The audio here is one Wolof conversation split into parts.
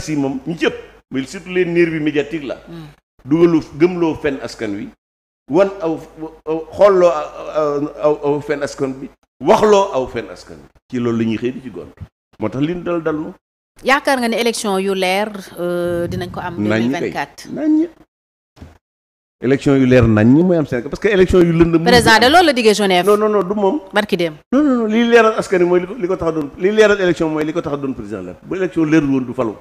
si moom ñu cëpp muy surtout les nervis médiatiques la mm. dugalu gëmloo fenn askan wi wan aw xoolloo aw aw fenn askan bi waxloo aw fenn askan bi ci loolu la ñuy xëy di ci gont moo tax li ñu dal dal nu yaakaar nga ne élection yu leer euh, dinañ ko am 2024 nañ élection yu leer nañ ñi mooy am Sénégal parce que élection yu lëndëm. président de loolu la diggee Genève. non non non du moom. barki dem non non non lii leeral askan wi mooy li ko tax a doon li ko du falu.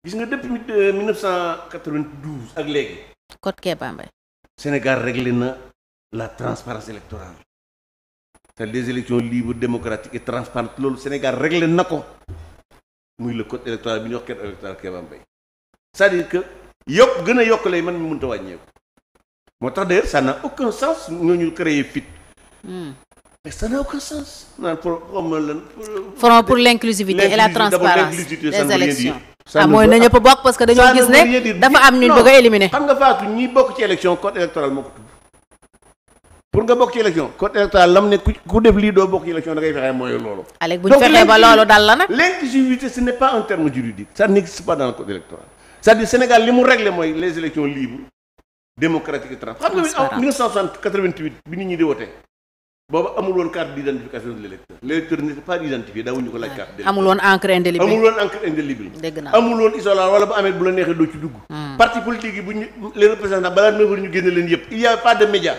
bis nga depuis 1992 euh, ak léegi. code Kéba Mbaye. Sénégal réglé na la transparence électorale c'est des élections libres démocratiques et transparentes loolu Sénégal réglé na ko muy la code électoral bi ñuy wax code électoral Kéba Mbaye cest dire que yokk gën a yokk lay man mi mënut wàññeeku moo tax de ça n'a aucun sens ñooñu créer fit hmm. mais ça n'a sens naan pour comme lan. Front pour l'inclusivité et la transparence des élections ah mooy na ñëpp bokk parce que gis ne dafa am ñu bëgg a éliminer. xam nga Fatou ñi bokk ci élection code électoral moo ko tudd pour nga bokk ci élection code électoral lam ne ku def lii doo bokk ci élection da ngay fexe mooy loolu. Alec ah, bu ba loolu dal la nag. l'inclusivité ce n'est pas un terme juridique ça n'existe pas dans code électoral cest à Sénégal li mu réglé mooy les élections libres démocratiques et transparentes. xam nga 1988 bi nit ñi di wote booba amul woon carte d' identification de l' électeur l' électeur n' était pas ko laaj carte d' amul encre indélébile amul woon encre bu amee bu la neexee doo ci dugg hmm. parti politique bu ñu les représentants balaa neuf heures ñu génne leen yëpp il y pas de média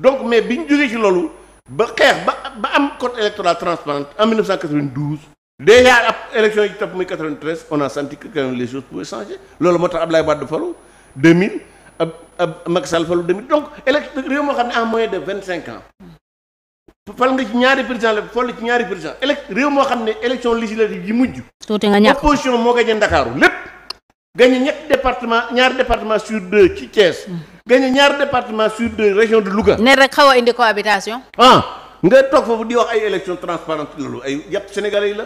donc mais bi ñu jógee ci loolu ba xeex ba ba am code électoral transparent en 1992 déjà ab élection yi topp muy 93 moo tax Abdoulaye Wade falu 2000 ab ab Macky Sall falu 2000 xam ne en de vingt cinq ans fal nga ci ñaari président la fal ci ñaari président élec réew moo xam ne élection législative yi mujj. tuuti nga ñàkk opposition moo gañe Ndakaaru lépp. gañe ñetti département ñaari département sur deux ci Thiès. Mm. gañe ñaari département sur deux région de Louga. ne rek xaw a indi cohabitation. Ah, nga toog foofu di wax ay élection transparente loolu ay yàpp sénégalais yi la.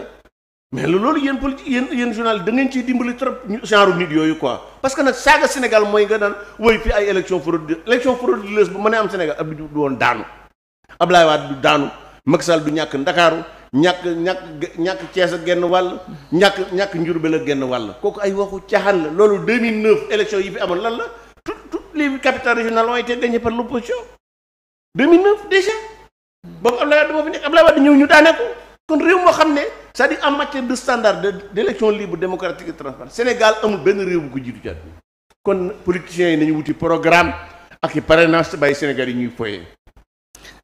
mais loolu yéen politique yéen yéen journal da ngeen ciy dimbali trop genre nit yooyu quoi parce que nag saaga Sénégal mooy nga naan woy fii ay élection frauduleuse élection frauduleuse a am daanu. Ablaye Wade du daanu Macky du ñàkk Ndakaaru ñàkk ñàkk ñàkk Thiès ak genn wàll ñàkk ñàkk Njurbel ak genn wàll kooku ay waxu caaxaan la loolu 2009 élection yi fi amoon lan la tout toutes les capitales régionales ont été gagnées par l'opposition 2009 déjà boobu Ablaye Wade moo fi ñëw ñu daane ko kon réew moo xam ne sa à dire en matière de standard de d'élection libre démocratique et transparente Sénégal amul benn réew bu ko jiitu ci kon politiciens yi nañu wuti programme ak i parrainage bàyyi Sénégal yi ñuy foyee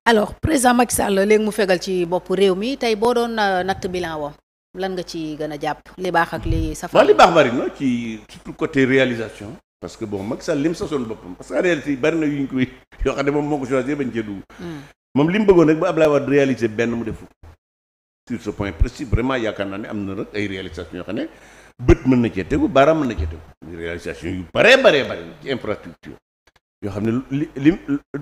alors président Macky Sall léegi mu fegal ci bopp réew mi tey boo doon euh, natt bilan wam lan nga ci gën a jàpp li baax ak li safar waaw li baax bari na ci surtout côté réalisation parce boppam parce que en réalité bari na yu ñu koy yoo xam ne moom moo ko choisir bañ cee dugg hmm. moom li mu bëggoon rek ba Abdoulaye Wade réaliser benn mu defu sur ce point précis vraiment yaakaar naa ne am na nag ay réalisation yoo xam ne bët mën na cee tegu baaraam mën na cee tegu réalisation yu bare bare bare ci infrastructure yoo xam ne li lim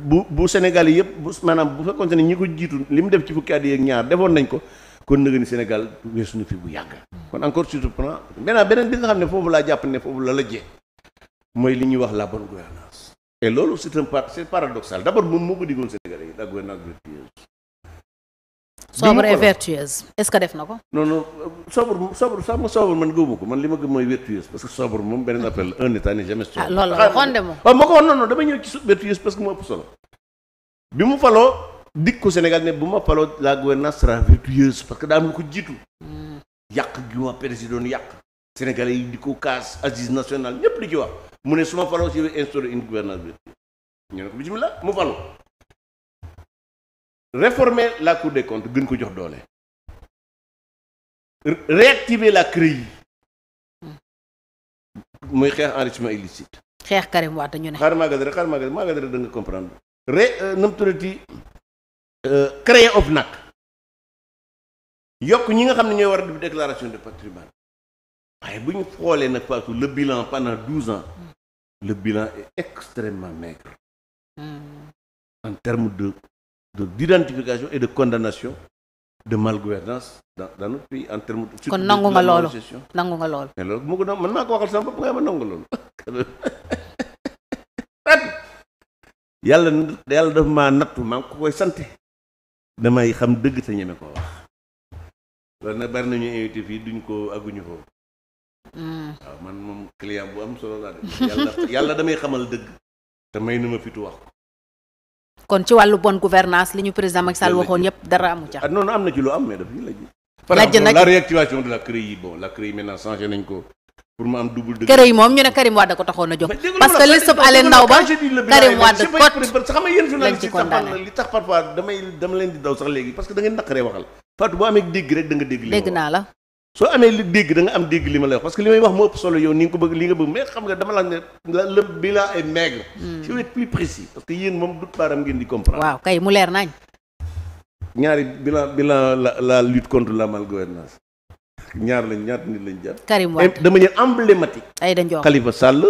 bu bu Sénégal yi yëpp bu maanaam bu fekkoon ne ñi ko jiitu li mu def ci fukki at yi ñaar defoon nañ ko kon nag ni Sénégal weesu na fi bu yàgg. kon encore surprenant maintenant beneen bi nga xam ne foofu laa jàpp ne foofu la la jee mooy li ñuy wax la bonne gouvernance et loolu c'est un par c'est paradoxal d'abord moom moo ko diggoon Sénégal yi la gouvernance sobre et vertueuse est-ce que def na ko. noonu non sobre sobre sax sobre man gëwuma ko man li ma gëm mooy vertueuse parce que sobre moom beneen appel un état n'est jamais sobre. Ah, loolu la ah, waxoon de ah, ma ko wax non non dama ñëw ci vertueuse parce que moo ëpp solo bi mu faloo dikk ko Sénégal ne bu ma faloo la gouvernance sera vertueuse parce que daa am lu ko jiitu. Hmm. yàq gi waa si doon yàq. Sénégalais yi di ko kaas assise nationale ñëpp di ci wax mu ne su ma faloo si instauré une gouvernance vertueuse ñu ne réformer la cour des comptes gën ko jox doole réactiver la CREI muy xeex enrichissement illicite. xeex Karim Wade ñu ne. xaar Maguette rek xaar Maguette Maguette rek da nga comprendre ré euh, nu mu tuddati euh, créer OFNAC yokk ñi nga xam ne ñooy war a déclaration de patrimoine waaye bu ñu xoolee nag parce que le bilan pendant douze ans mm. le bilan est extrêmement maigre mm. en termes de d'identification et de condamnation de malgouvernance dans dans notre pays en termes de. kon nangu nga nangu nga loolu. mais bu ma ko nangu man maa ko waxal sama bopp maa nattu damay xam dëgg te ñeme ko wax loolu nag bari nañu invité fii duñ ko agguñu foofu. Hmm. waaw man moom client bu am solo laa de. yàlla yàlla damay xamal dëgg. te may na ma fitu wax kon ci wàllu bonne gouvernance li ñu président Macky Sall waxoon yépp dara amu ca. ah am na ci lu am mais daf lajj. par la réactivation de la CREI bon la CREI maintenant changé nañ ko pour mu am double de. CREI moom ñu ne Karim Wade ko taxoon a jóg. parce que li sëb Alé Ndao ba Karim Wade kot xam nga yéen journaliste yi li tax parfois damay dama leen di daw sax léegi parce que da naqaree waxal. Fatou boo amee dégg rek da nga dégg. dégg naa la soo amee li dégg da nga am dégg li ma lay wax parce que li may wax moo ëpp solo yow ni nga ko bëgg li nga bëgg mais xam nga dama la ne le bilan maigre. je hmm. vais plus précis parce que moom dut baaram ngeen di comprendre. waaw kay mu leer nañ. ñaari bilan bilan la la lutte contre la mal malgouvernance ñaar lañ ñaat nit lañ jàpp. Karim Wade de manière emblématique. Aïda Ndiokh Khalifa Sall.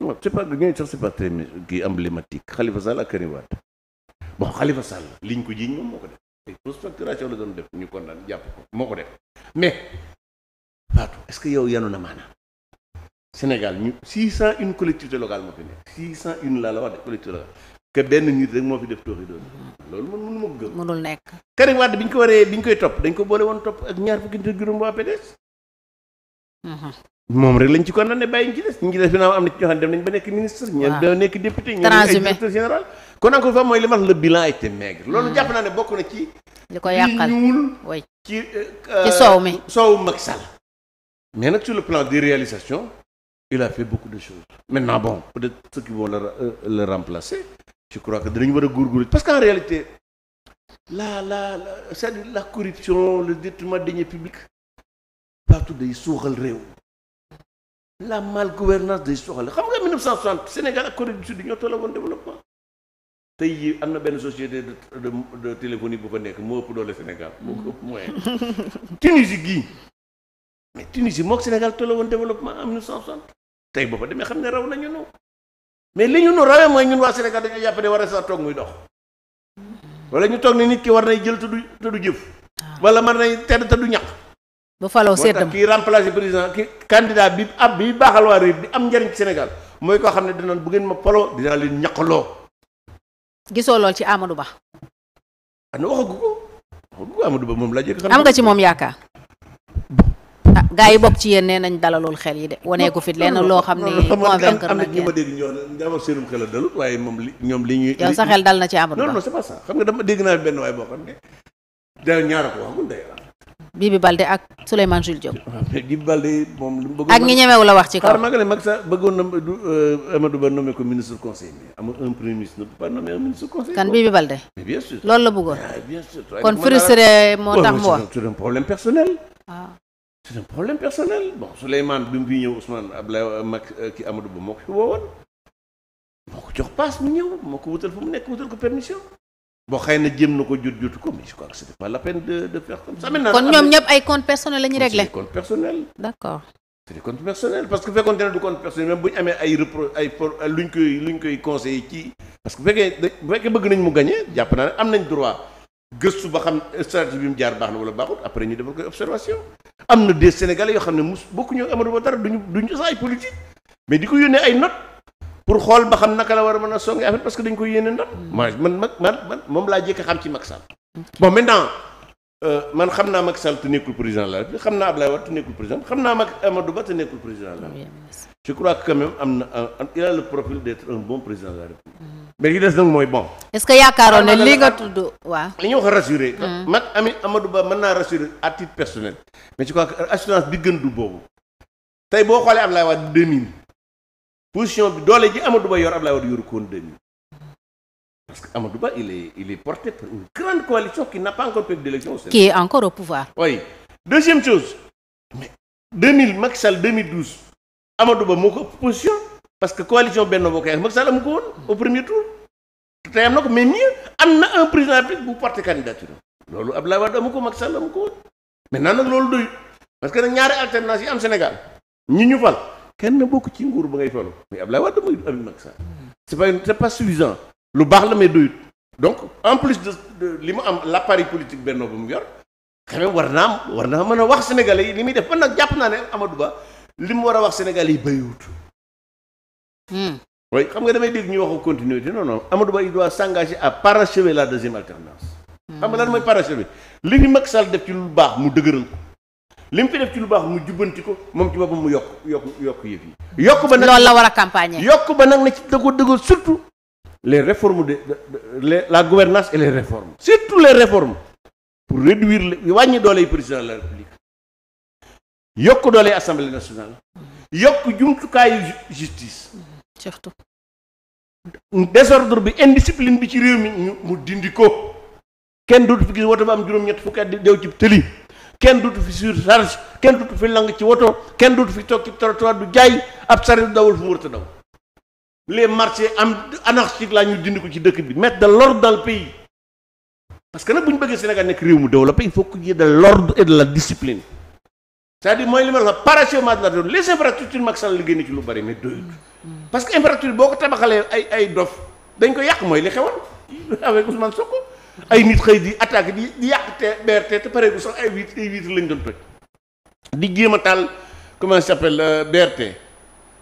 non c'est pas ñooñu sax c'est pas très kii emblématique ak Karim Wade bon Khalifa procuration la doon def ñu condamné jàpp ko moo ko def mais Fatou est-ce que yow yanu na maanaam Sénégal ñu six cent une collectivité locale moo fi nekk six cent une laa la wax de collectivité locale que benn nit rek moo fi def tooxi doon loolu man mënu ma ko gëm mënul nekk Karim Wade bi ñu ko waree bi ñu koy topp dañ ko boole woon topp ak ñaar fukki nit juróom waa PDS mhm. moom rek lañ ci kon ne bàyyi ñu ci des ñu ci des naa am na ci ñoo xam ne dem ba nekk ministre ñoom ba nekk député ñoom ay directeur général kon encore fa mooy li man le bilan était maigre mm. loolu jàpp naa ne bokk na ci li ko yàqal ci euh, ci soow mi euh, soow Macky Sall mais nag sur le plan des réalisations il a fait beaucoup de choses maintenant bon peut-être ceux qui vont le euh, je crois que dinañu war a góorgóorlu parce qu'en réalité la la c'est-à-dire la corruption le détournement de deniers publics réew la malgouvernance day soxla xam nga 1960 Sénégal ak Corée du Sud ñoo tolloo woon développement tey jii am na benn société de de de téléphonie bu fa nekk moo ëpp doole Sénégal moo ko ëpp moyen Tunisie gii mais Tunisie mook Sénégal tolloo woon développement en 1960 tey boo fa demee xam ne raw ñu nu mais li ñu nu rawee mooy nu waa Sénégal dañoo yàpp ne war a sax toog muy dox wala ñu toog ne nit ki war nay jël te du te jëf ah. wala man nay tedd te du ñàkk. ba faloo seetam kii remplacer président ki candidat bi ab bi baaxal waa réew bi am njariñ ci Sénégal mooy koo xam ne dinañ bu ngeen ma faloo dinaa leen ñaqaloo. gisoo lool ci Amadou Ba. ana waxagu ko Amadou Ba moom laa jëkk xam am nga ci moom yaakaar. ah gaa yi bokk ci yéen nee nañ dalalool xel yi de wanee ko fit lenn loo xam ne convaincre nag ñi ma dégg ñoo dama seenum xel waaye moom li ñoom li ñuy sa xel dal na ci Amadou Ba non xam nga dama dégg naa benn waaye boo xam ne da ñaara ko waxagul day Bibi Balde ak Souleymane Jules Diop. Bibi Balde moom lu mu bëgg. ak ñi ñemewu la wax ci kaw. xaaral maa ngi mag sax bëggoon na euh, bi Balde. bien la bëggoon. Ah, bien sûr kon frustré moo tax mu wax. c'est un problème personnel. waaw ah. c'est un problème personnel bon Souleymane bi mu fi ñëw Ousmane Abdoulaye euh, mag euh, ki Amadou Ba moo ko fi woowoon. moo ko jox paas mu ñëw moo ko wutal fu mu nekk wutal ko permission. boo xëy na jéem na ko jut jutu ko mais je crois que c'était pas la peine de de faire comme ça maintenant. kon ñoom ñëpp ay compte personnel la ñuy réglé compte personnel. d'accord. c'est des comptes personnels parce que bu fekkoon ne du compte personnel même bu ñu amee ay repro ay pro luñ koy luñ koy conseillé ci. parce que bu fekkee bu fekkee bëgg nañ mu gagné jàpp naa ne am nañ droit gëstu ba xam stratégie bi mu jaar baax na wala baaxut après ñu defal koy observation. am na des sénégalais yoo xam ne mos bokkuñu ak Amadou Ba dara duñu duñu sax ay politique mais di ko yónnee ay notes. pour xool ba xam naka la war a mën a songe affaire parce que dañ ko yéene ndam. man man man moom laa jëkk xam ci Macky Sall. bon maintenant euh, man xam naa Macky Sall te nekkul président de la xam naa Abdoulaye Wade te nekkul président xam naa Macky Amadou Ba te nekkul président de que quand am na il a le de la mm-hmm. li des nag mooy bon. est ce que yaakaaroon ne li nga tudd waaw. li mm-hmm. mag ami Amadou Ba mën naa rassuré à titre personnel. mais je crois que assurance bi gën du boobu. tey boo xoolee Abdoulaye Wade 2000. position bi doole ji Amadou Ba yor Abdoulaye Wade yoru ko woon 2000 parce que Amadou Ba il est il est porté par une grande coalition qui n'a pas encore perdu d'élection au Sénégal. qui encore au pouvoir. oui deuxième chose mais 2000 Macky Sall 2012 Amadou Ba moo ko position parce que coalition Benno Bokk Yaakaar Macky Sall amu ko woon au premier tour tey am na ko mais mieux am na un président de la bu porté candidature loolu ab Wade amu ko Macky Sall amu ko woon maintenant nag am Sénégal ñi kenn bokk ci nguur ba ngay falu muy Abdoulaye Wade muy Aliou Macky Sall c'est pas c'est pas lu baax la may doyut donc en plus de li mu am l'appareil politique benno ba mu yor quand même war naa war naa mën a wax sénégalais yi li muy def man nag jàpp naa ne Amadou Ba li mu war a wax sénégalais yi bëriwut hmm. oui xam nga damay dégg ñuy waxu continuité non non a Ba il doit s'engager à parachever la deuxième alternance hmm. xam nga lan mooy parachever li ñu Macky Sall def lu baax mu dëgëral ko li mu fi def ci lu baax mu jubbanti ko moom ci boppam mu yokk yokk yokk yëf yi. yokk ba nag la war a campagne yokk ba nag na ci dëgër dëgër surtout les réformes de la gouvernance et les réformes. surtout les réforme pour réduire le wàññi doole yi président la république yokk doole yi assemblée nationale yokk jumtukaayu justice. surtout. désordre bi indiscipline bi ci réew mi ñu mu dindi ko kenn dootu fi gis woto ba am juróom-ñett fukki at di dew ci tëli. kenn dutu fi surcharge kenn dutu fi lang ci woto kenn dutu fi toog ci trottoir du jaay ab sareet dawal fu mu warta daw les marchés am anarchique laa ñu dindi ko ci dëkk bi mettre de l'ordre dans le pays parce que nag bu ñu bëggee Sénégal nekk réew mu développé il faut qu'il y ait de l'ordre et de la discipline c'est-à-dire mooy li ma la parachèvement de la réforme les infrastructures Macky Sall liggéey na ci lu bari mais doyut mm. parce que infrastructure boo ko tabaxalee ay ay dof dañ ko yàq mooy li xewoon ay nit xëy di attaque di di yàq te BRT te pare bu sax ay wit ay vitre lañ doon toj di jéem a taal comment ça s'appelle euh, BRT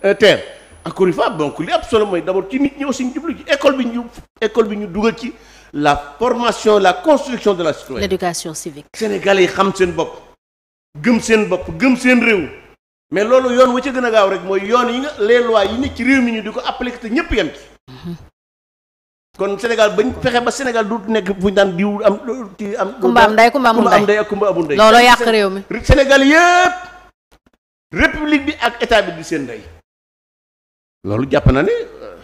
euh, terre encore une fois donc li ab solo mooy d'abord ci nit ñi aussi ñu ci école bi ñu école bi ñu dugal ci la formation la construction de la citoyenneté l'éducation civique sénégalais yi xam seen bopp gëm seen bopp gëm seen réew mais loolu yoon wa ca gën a gaaw rek mooy yoon yi nga les lois yi ne ci réew mi ñu di ko appliquer te ñëpp yem kon Sénégal bañ fexe ba Sénégal du nekk fu ñu daan diw am ci am. kumba am ndey kumba amul ndey ak kumba amul ndey. looloo yàq réew mi Sénégal yëpp république bi ak état bi di seen ndey. loolu jàpp na ne euh,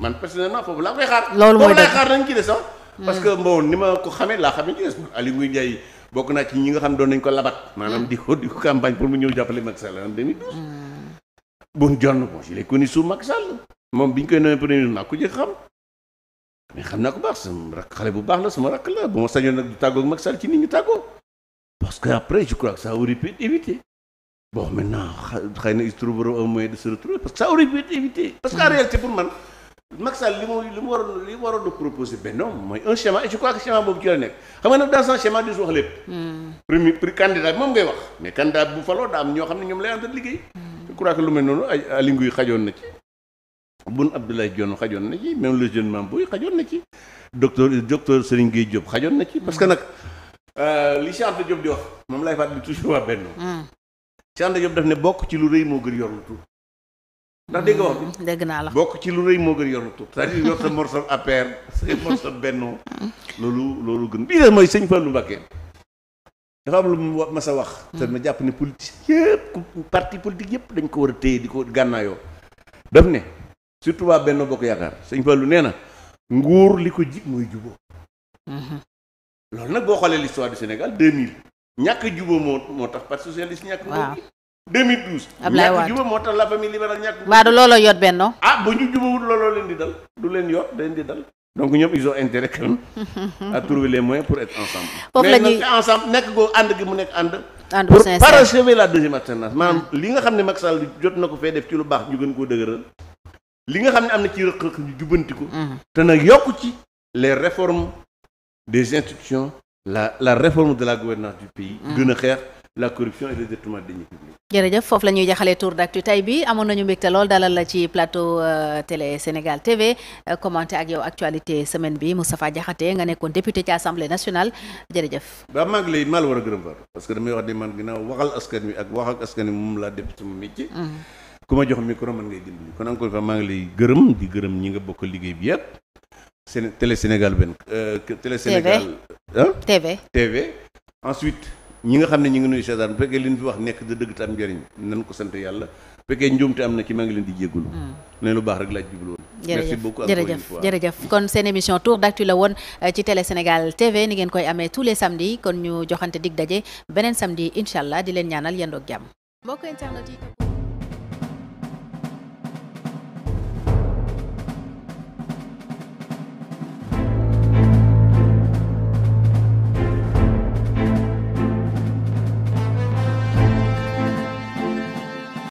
man personnellement foofu laa koy xaar. loolu moom lay xaar nañ ci des sax. Hmm. parce que bon ni ma ko xamee laa xamee ci des Aly Ngouille Ndiaye bokk naa ci ñi nga xam doon nañ ko labat. maanaam di ko di ko campagne pour mu ñëw jàppale Macky Sall hmm. moom bi ñu koy nommé premier mais xam naa ko baax sama rakk bu baax la la bu ma sañoon nag du tàggoog Macky Sall ci nit ñu tàggoo parce que après je crois que ça aurait pu être évité bon maintenant xëy na ils trouveront un moyen de se retrouver parce que ça aurait pu être évité pour man Macky li mu li mu waroon li mu waroon a proposé benn mooy un schéma et je crois que schéma boobu ci wax lépp. Hmm. premier prix moom ngay wax mais candidat bu faloo daa am ñoo xam ne ñoom lay àndal liggéey. Hmm. je crois lu mel noonu ay alingu xajoon na ci. Boun Abdallah Dionne xajoon na ci même le jeune Mame Boye xajoon na ci docteur docteur Serigne Gueye Diop xajoon na ci parce que nag euh, li Cheikh Anta Diop di wax moom lay fàttali toujours waa benn hmm. Cheikh Anta Diop daf ne bokk ci lu rëy moo gën yor lu tuut ndax dégg nga wax la bokk ci lu rëy moo gën yor lu tuut c'est-à-dire yor sa sa morceau Benno hmm. loolu loolu gën bii la mooy sëñ dafa am lu mu mas a wax hmm. te ma jàpp ne politique yëpp parti politique yëpp dañ ko war a téye di ko gànnaayoo daf ne surtout waa Benno Bokk Yaakaar sëñ Fallou nee na nguur li ko jig mooy juboo mhm. loolu nag boo xoolee l'histoire du Sénégal 2000 ñàkk juboo moo moo tax parti ñàkk. juboo moo tax la famille libérale ñàkk. mbaa du looloo yot Benno. Ah, ba ñu jubawul looloo leen du leen yot leen di dal. donc ñoom ils ont intérêt quand mu nekk ànd. ànd pour parachever la mm. li nga xam ne Macky Sall jot na ko fee def ci lu baax ñu gën koo dëgëral. li nga xam ne am na ci rëq-rëq ñu jubbanti ko. Mhm. te nag yokk ci les réformes des institutions la la réforme de la gouvernance pays. Mhm. gën a xeex la corruption et le détournement des deniers publics. jërëjëf foofu la ñuy jaxalee tour d'actu tey bi amoon nañu mbégte lool dalal la ci plateau euh, télé Sénégal TV euh, commenté ak yow actualité semaine bi Moustapha Diakhaté nga nekkoon député ci assemblée nationale jërëjëf. ba maa ngi lay maa war a gërëm parce que damay wax ne man ginnaaw waxal askan wi ak wax ak askan wi moom laa def sama métier. Mhm. ku ma jox micro mën ngay dimbali kon encore une fois maa ngi lay gërëm di gërëm ñi nga bokk liggéey bi yëpp Séné Télé Sénégal benn euh, Télé Sénégal TV TV ensuite ñi nga xam ne ñi ngi nuyu seetaan bu leen fi wax nekk da dëgg tam njëriñ nan ko sant yàlla bu fekkee am na ci maa di jégalu hmm. ne lu baax rek laaj jublu woon merci beaucoup jërëjëf jërëjëf kon seen émission tour d'actu la woon euh, ci Télé Sénégal TV ni ngeen koy amee tous les samedis kon ñu joxante dig daje beneen samedi incha allah di leen ñaanal yendoog jàmm mbokk